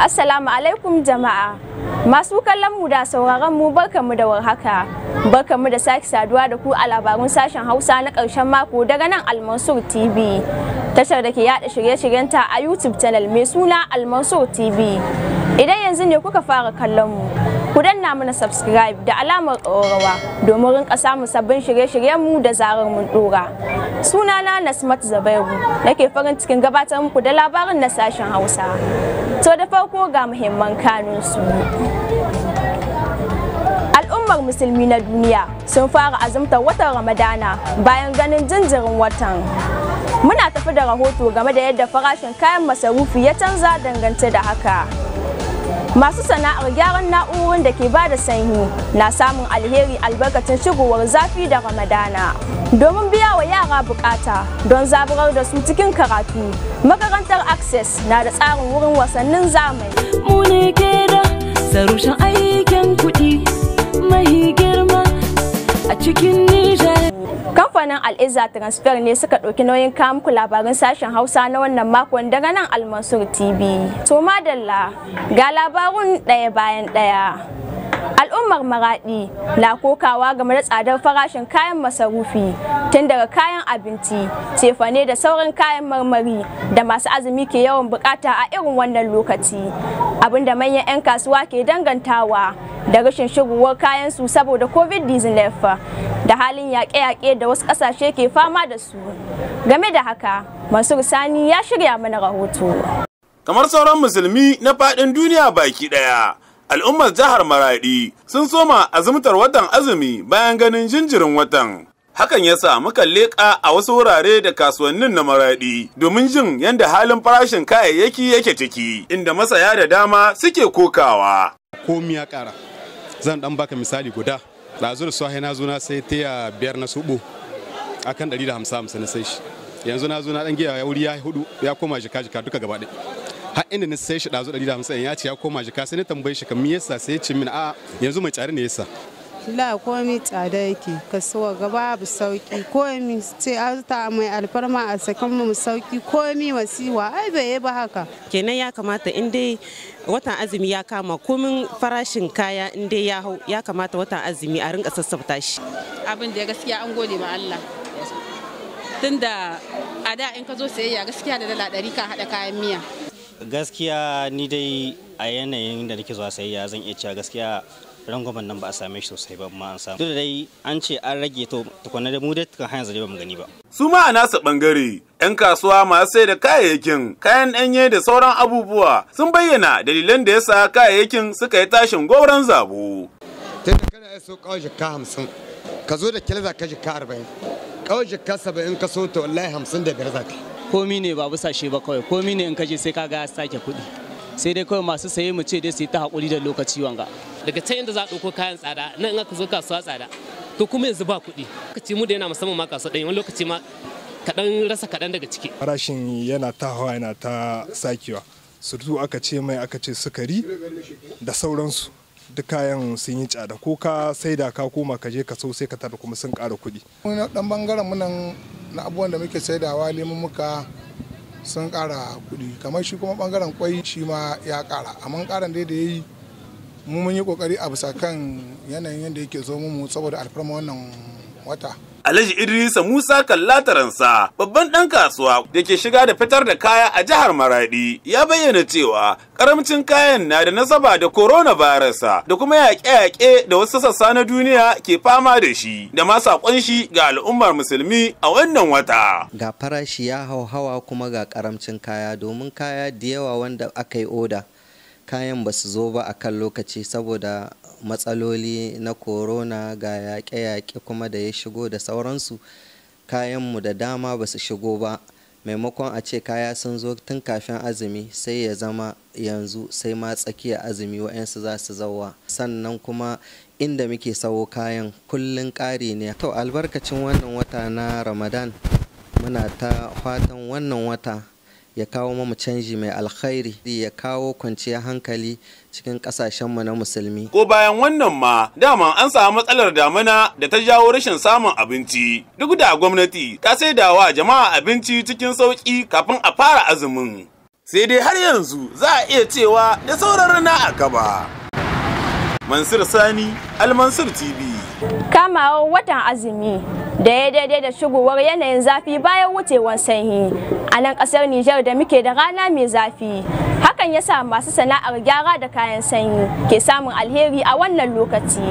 Assalamu alaikum jama'a. Masu kallon mu da sauraron mu barkamu da warhaka. Barkamu da sake saduwa da ku a labarun sashen Hausa na ƙarshen mako daga nan Almansur TV. Tashar da ke yada shirye shiryen ta a YouTube channel mai suna Almansur TV. Idan yanzu ne kuka fara kallon mu, ku danna mana subscribe da alamar ƙaurawa domin rinƙa samun sabbin shirye-shiryen mu da zarar mun dora. Sunana Nasmat Zabairu nake farin cikin gabatar muku da labarin na sashen Hausa. To da farko ga muhimman kanunsu. Al'ummar musulmi na duniya sun fara azumta watan Ramadana bayan ganin jinjirin watan. Muna tafi da rahoto game da yadda farashin kayan masarufi ya canza dangance da haka. Masu sana'ar gyaran na'urorin da ke ba da sanyi na samun alheri albarkacin shigowar zafi da Ramadana. Domin biya wa yara bukata don zaburar da su cikin karatu, makarantar Access na da tsarin wurin wasannin zamani. Mu ne sarushin aikin kuɗi mai girma a cikin Nijar. Kamfanin Al'izza Transfer ne suka ɗauki nauyin kamku labarin sashen Hausa na wannan makon daga nan Almansur TV. To madalla ga labarun ɗaya bayan ɗaya. Al'ummar Maraɗi na kokawa game da tsadar farashin kayan masarufi tun daga kayan abinci, cefane da sauran kayan marmari da masu azumi ke yawan bukata a irin wannan lokaci. Abinda manyan 'yan kasuwa ke dangantawa da rashin shigowar kayan su saboda covid-19 da halin yaƙe-yaƙe da wasu ƙasashe ke fama da su game da haka masu sani ya shirya mana rahoto kamar sauran musulmi na faɗin duniya baki ɗaya al'ummar jihar maraɗi sun soma azumtar watan azumi bayan ganin jinjirin watan hakan ya sa muka leƙa a wasu wurare da kasuwannin na maraɗi domin jin yadda halin farashin kayayyaki yake ciki inda masaya da dama suke kokawa komi ya ƙara zan dan baka misali guda ɗazu da swahe na zo na sai taya biyar na a kan ɗari da hamsin na sai shi yanzu na zo na ɗan giya ya wuri ya hudu ya koma jika jika duka gaba ɗaya har inda na sai shi ɗazu ɗari da hamsin ya ce ya koma jika sai na tambaye shi kan me yasa sai ya ce min a yanzu mai tsari ne yasa la komi tsada yake kasuwa ga babu sauki komi ce a ta mai alfarma a sakan mu sauki komi wasiwa ai bai ba haka kenan ya kamata in dai watan azumi ya kama komin farashin kaya in dai ya hau ya kamata watan azumi a rinka sassauta shi abin da gaskiya an gode ma Allah tunda a da in ka zo sayayya gaskiya da dala ɗari ka haɗa kayan miya gaskiya ni dai a yanayin da nake zuwa sayayya zan iya cewa gaskiya rangwamen nan ba a same shi sosai ba amma an samu duk da dai an ce an rage to tukwane da mu dai tukan hanyar zare ba mu gani ba su ma a nasa bangare 'yan kasuwa masu sai da kayayyakin kayan ɗanye da sauran abubuwa sun bayyana dalilan da ya sa kayayyakin suka yi tashin gauran zabo. ta da kana so kawo jika hamsin ka zo da kilza ka jika arba'in kawo jika saba'in ka so ta wallahi hamsin da biyar zaka komi ne ba shi ba kawai komi ne in ka je sai ka ga ya sake kuɗi sai dai kawai masu saye mu ce dai su yi ta haƙuri da lokaci wanga daga ta yadda za a ɗauko kayan tsada na in aka zo kasuwa tsada to kuma yanzu ba kuɗi lokaci mu da yana musamman ma kasuwa ɗaya wani lokaci ma kaɗan rasa kaɗan daga ciki farashin yana ta hawa yana ta sakewa surtu aka ce mai aka ce sukari da sauransu duk kayan sun yi tsada ko ka sai ka koma ka je ka so sai ka tara kuma sun ƙara kuɗi. Mun dan bangaren mu na abubuwan da muke saidawa neman muka sun ƙara kuɗi kamar shi kuma bangaren kwai shi ma ya ƙara amma ƙaran dai da ya yi mun yi ƙoƙari a bisa kan yanayin yadda yake zo mu saboda alfarma wannan wata Alhaji Idrisa Musa Kallataransa babban ɗan kasuwa da ke shiga da fitar da kaya a jihar Maraɗi, ya bayyana cewa karamcin kayan na da nasaba da coronavirus da kuma yaƙe-yaƙe da wasu sassa na duniya ke fama da shi da ma saƙon shi ga al'ummar musulmi a wannan wata. Ga farashi ya hauhawa kuma ga karamcin kaya domin kaya da yawa wanda aka yi oda. kayan ba su zo ba a kan lokaci saboda matsaloli na korona ga yaƙe-yaƙe kuma da ya shigo da sauransu kayanmu da dama ba su shigo ba maimakon a ce kaya sun zo tun kafin azumi sai ya zama yanzu sai ma tsakiya azumi wa'yansu za su zauwa sannan kuma inda muke sawo kayan kullun ƙari ne to albarkacin wannan wata na ramadan muna ta fatan wannan wata ya kawo mamu canji mai alkhairi ya kawo kwanciyar hankali cikin kasashenmu na musulmi. Ko bayan wannan ma dama an samu matsalar damina da ta jawo rashin samun abinci. Duk da gwamnati ta sai da wa jama'a abinci cikin sauƙi kafin a fara azumin. Sai dai har yanzu za a iya cewa da sauran rana a gaba. Mansur Sani, Almansur TV. Kamawa watan azumi. da ya daidai da shigowar yanayin zafi bayan wucewar sanyi a nan kasar Nijar da muke da rana mai zafi hakan ya sa masu sana'ar gyara da kayan sanyi ke samun alheri a wannan lokaci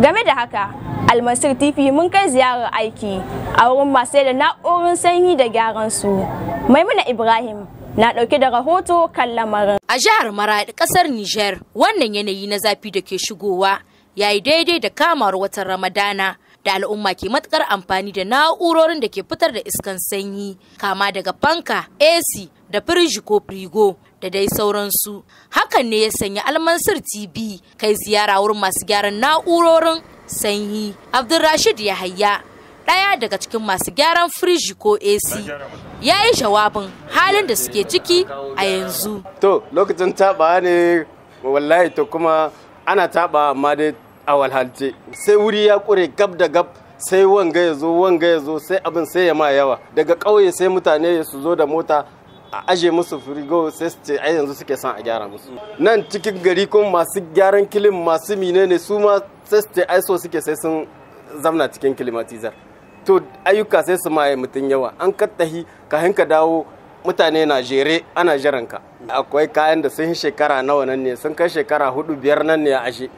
game da haka almasir tv mun kai ziyarar aiki a wurin masu da na'urin sanyi da gyaran su maimuna ibrahim na ɗauke da rahoto kan lamarin a jihar maraɗi ƙasar nijar wannan yanayi na zafi da ke shigowa yayi daidai da kamar watan ramadana da al'umma ke matukar amfani da na'urorin da ke fitar da iskan sanyi kama daga fanka ac da firiji ko firigo da dai sauransu hakan ne ya sanya almansir tv kai ziyara wurin masu gyaran na'urorin sanyi abdulrashid yahaya ɗaya daga cikin masu gyaran firiji ko ac ya yi jawabin halin da suke ciki a yanzu to lokacin taɓa ne wallahi to kuma ana taɓa amma dai a walhalce sai wuri ya kure gab da gab sai wanga ya zo wanga ya zo sai abin sai ya ma yawa daga ƙauye sai mutane su zo da mota a aje musu firigo sai su ce ai yanzu suke son a gyara musu nan cikin gari kuma masu gyaran kilim masu ne su ma sai su ce ai so suke sai sun zamna cikin kilimatizar to ayyuka sai su ma mutum yawa an kattahi ka ka dawo mutane na jere ana jiranka akwai kayan da sun shekara nawa nan ne sun kai shekara hudu biyar nan ne a ashe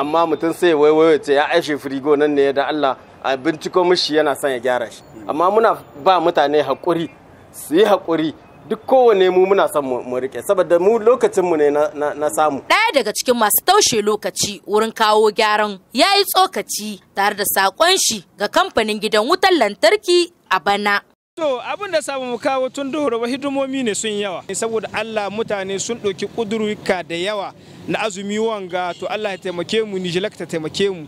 amma mutum sai waiwayo ce ya aishe firigo nan ne da Allah a binciko mishi yana son ya gyara shi amma muna ba mutane haƙuri su yi haƙuri duk kowane mu muna son mu rike saboda mu lokacin mu ne na samu ɗaya daga cikin masu taushe lokaci wurin kawo gyaran ya yi tsokaci tare da saƙon shi ga kamfanin gidan wutar lantarki a bana To abin da samu kawo tun duhur hidimomi ne sun yawa. Saboda Allah mutane sun ɗauki ƙudurwika da yawa na azumi wanga to Allah ya taimake mu Nijilak ta taimake mu.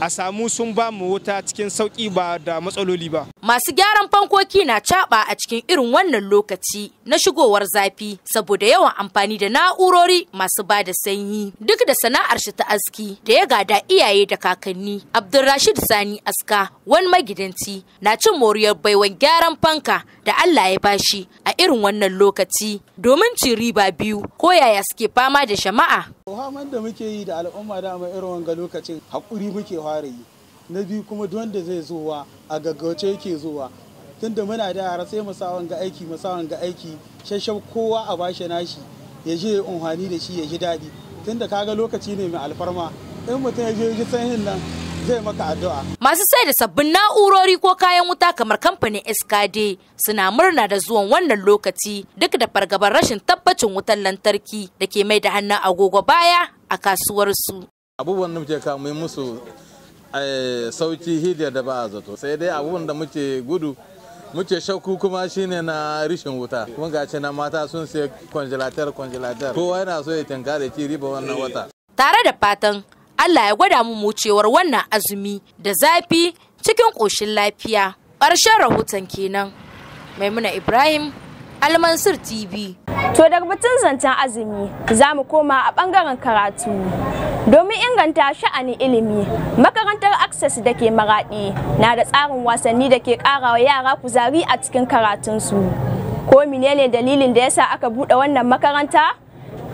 A samu sun ba mu wuta cikin sauƙi ba da matsaloli ba. Masu gyaran fankoki na caɓa a cikin irin wannan lokaci na shigowar zafi saboda yawan amfani da na'urori masu ba da sanyi duk da sana'ar shi ta aski da ya gada iyaye da kakanni. Abdulrashid Sani Aska wani magidanci na cin moriyar baiwan gyaran fanka da Allah ya bashi a irin wannan lokaci domin ciriba riba biyu ko yaya suke fama da shama'a. Muhammad da muke yi da al'umma da irin wanga lokacin hakuri muke fara yi. na biyu kuma duk wanda zai zowa a gaggauce yake zowa tunda muna da yara sai mu sawan ga aiki mu sawan ga aiki shashab kowa a bashi nashi ya je unhani da shi ya ji daɗi tunda kaga lokaci ne mai alfarma in mutum ya je ji sanyin nan zai maka addu'a. Masu sai da sabbin na'urori ko kayan wuta kamar kamfanin skd suna murna da zuwan wannan lokaci duk da fargabar rashin tabbacin wutar lantarki da ke mai da hannun agogo baya a kasuwarsu. Abubuwan da muke kawo musu sauki hidiyar da ba a zato sai dai abun da muke gudu muke shakku kuma shine na rishin wuta kuma ga na mata sun sai kwanjilatar kwanjilatar kowa yana so ya da ki riba wannan eh. wata tare da fatan Allah ya gwada mu mucewar wannan azumi da zafi cikin ƙoshin lafiya ƙarshen rahoton kenan maimuna ibrahim Almansur TV. To daga batun zancen azumi za mu koma a bangaren karatu. Domin inganta sha'anin ilimi, makarantar Access da ke maraɗi na da tsarin wasanni da ke ƙarawa yara kuzari a cikin karatunsu. Ko menene dalilin da yasa aka buɗe wannan makaranta?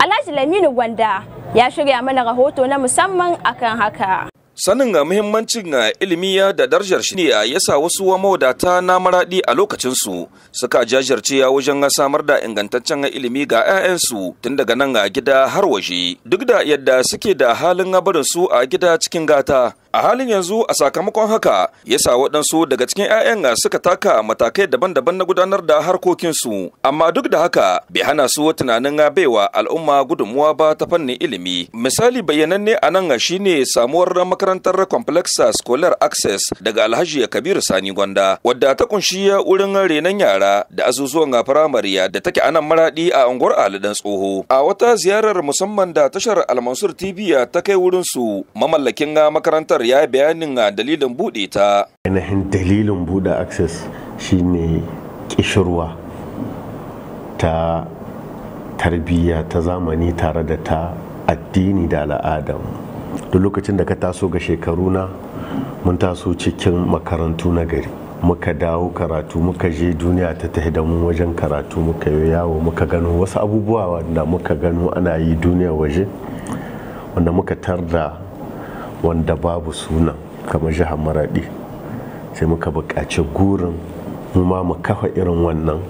Alhaji Laminu Gwanda ya shirya mana rahoto na musamman akan haka. sanin ga muhimmancin ilimi da darajar shi ne ya sa wasu mawadata na maradi a lokacinsu suka jajirce wajen samar da ingantaccen ilimi ga 'ya'yansu tun daga nan a gida har waje duk da yadda suke da halin barin su a gida cikin gata a halin yanzu a sakamakon haka ya sa waɗansu daga cikin 'ya'yan suka taka matakai daban-daban na gudanar da harkokinsu amma duk da haka bai hana su tunanin baiwa al'umma gudunmuwa ba ta fannin ilimi misali bayyananne a nan shine samuwar makarantar makarantar complexa scholar access daga alhaji kabiru sani gwanda wadda ta kunshi wurin renon yara da azuzuwan firamariya da take anan maradi a unguwar alidan tsoho a wata ziyarar musamman da tashar almansur tv ta kai wurin su mamallakin makarantar ya bayanin dalilin buɗe ta ainihin dalilin buɗe access shine kishirwa ta tarbiyya ta zamani tare da ta addini da al'adam duk lokacin da ka taso ga shekaru na mun taso cikin makarantu na gari muka dawo karatu muka je duniya ta tahi da mu wajen karatu muka yi yawo muka gano wasu abubuwa wanda muka gano ana yi duniya waje wanda muka tarda wanda babu suna kamar jihar maradi sai muka buƙaci gurin mu ma mu kafa irin wannan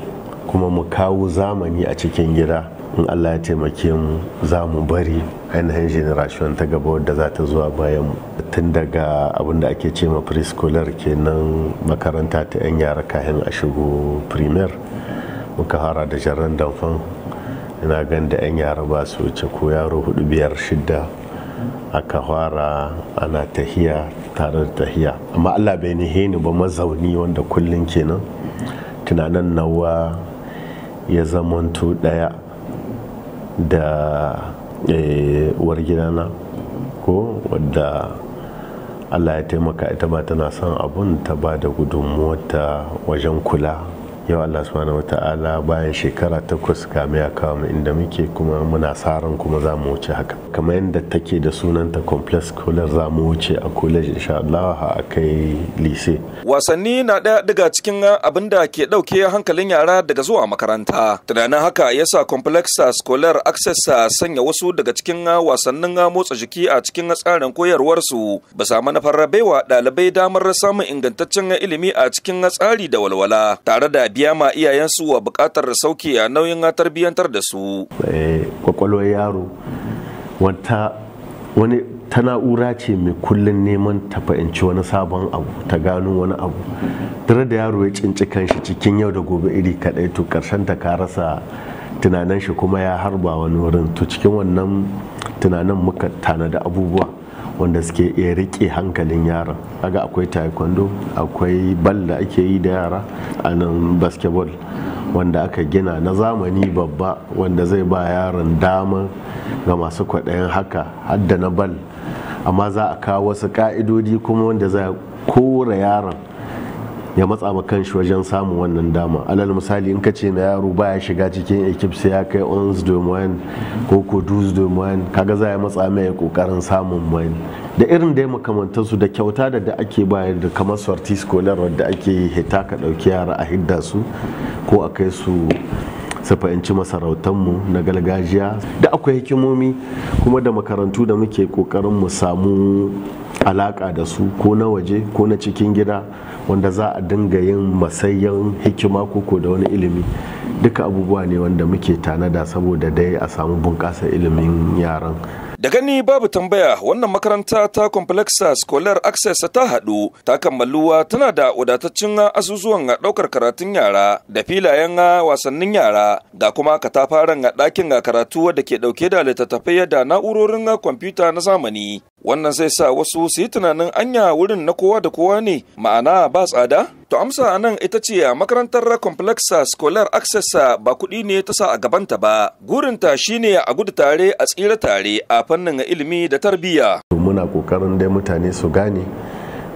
kuma mu kawo zamani a cikin gida in allah ya taimake mu za mu bari ainihin generation ta gaba wadda za ta zuwa bayan mu tun daga abin da ake ce ma preschooler kenan makaranta ta 'yan yara kayan a shigo premier muka hara da jaran damfan ina gan da 'yan yara ba su wuce ko yaro hudu biyar shidda aka fara ana tahiya tare da tahiya amma allah bai nihe ni ba mazauni wanda kullum kenan tunanin nawa ya zamanto daya da eh, uwar gidana ko wadda allah ya taimaka ita ba tana son abun ta ba da gudunmuwarta wajen kula yau allah subhanahu wata'ala bayan shekara takwas kame ya kawo mu inda muke kuma muna saran kuma za mu wuce haka kamar yadda take da sunanta complex college za mu wuce a college insha allah a kai lise wasanni na ɗaya daga cikin abin da ke ɗauke hankalin yara daga zuwa makaranta tunanin haka ya sa complex scholar access sanya wasu daga cikin wasannin motsa jiki a cikin tsarin koyarwarsu ba sa manufar baiwa ɗalibai damar samun ingantaccen ilimi a cikin tsari da walwala tare da biya ma iyayensu wa buƙatar sauke a nauyin tarbiyyantar da su. Eh, kwakwalwar yaro wani ta na'ura ce mai kullum neman ta fahimci wani sabon abu ta gano wani abu tare da yaro ya cinci kanshi cikin yau da gobe iri kadai to karshen ta ka rasa tunanin shi kuma ya harba wani wurin to cikin wannan tunanin muka tanada abubuwa wanda suke iya rike hankalin yaron aga akwai taekwondo akwai bal da ake yi da yara a nan basketball wanda aka gina na zamani babba wanda zai ba yaron dama ga masu kwaɗayin haka hadda na bal amma za a kawo wasu ka'idodi kuma wanda zai kora yaron ya matsa ma shi wajen samun wannan dama alal misali in ka ce na yaro baya shiga cikin ekip sai ya kai ons moyen ko ko dus moyen kaga za ya matsa mai kokarin samun moyen da irin da ya makamanta su da kyauta da da ake bayar da kamar sorti scholar da ake hita ka dauki yara a hidda su ko a kai su su fahimci masarautanmu na galgajiya. da akwai hikimomi kuma da makarantu da muke kokarin mu samu alaka da su ko na waje ko na cikin gida wanda za a dinga yin masayyan hikima koko da wani ilimi duka abubuwa ne wanda muke tanada saboda dai a samu bunƙasa ilimin yaran da gani babu tambaya wannan makaranta ta complexa scholar access ta haɗu ta kammaluwa tana da wadataccen asusuwan ɗaukar karatun yara da filayen wasannin yara ga kuma katafaren ɗakin karatu wadda ke ɗauke da littattafai da na'urorin kwamfuta na zamani wannan zai sa wasu su yi tunanin anya wurin na kowa da kowa ne ma'ana ba tsada to amsa a nan ita ce a makarantar complexa scholar access ba kuɗi ne ta sa a gabanta ba gurinta shine a gudu tare a tsira tare a fannin ilimi da tarbiyya muna kokarin dai mutane su gane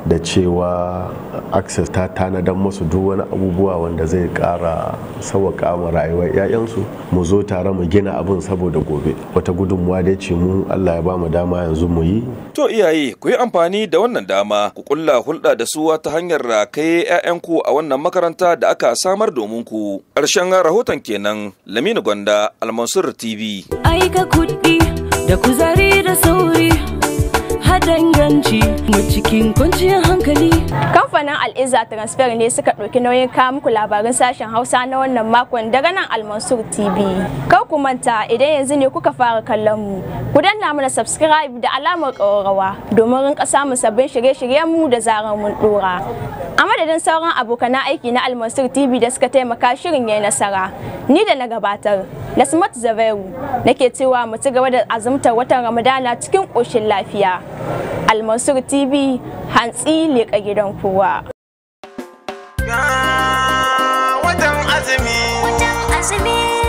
da cewa access ta tanadan musu duk wani abubuwa wanda zai kara sauwaƙa ma rayuwar 'ya'yansu mu zo tare mu gina abin saboda gobe wata gudunmuwa da ce mu allah ya ba mu dama yanzu mu yi to iyaye ku yi amfani da wannan dama ku kulla hulɗa da su ta hanyar kai 'ya'yanku a wannan makaranta da aka samar domin ku ƙarshen rahoton kenan lamini gwanda almansur tv aika kuɗi da kuzari da sauri haɗin mu cikin kwanciyar hankali. Kamfanin al'iza Transfer ne suka ɗauki nauyin kawo muku labarin sashen Hausa na wannan makon daga nan Almansur TV. Kar ku manta idan yanzu ne kuka fara kallon mu. Ku danna mana subscribe da alamar ƙaurawa domin rinƙa samun sabbin shirye-shiryen mu da zarar mun ɗora. A madadin sauran abokan aiki na Almansur TV da suka taimaka shirin yi nasara. Ni da na gabatar, Lasmat Zaveru, nake cewa mu ci gaba da azumtar watan Ramadana cikin ƙoshin lafiya. Almasur TV hantsi leƙa gidan kowa. Watan azumi. Watan azumi.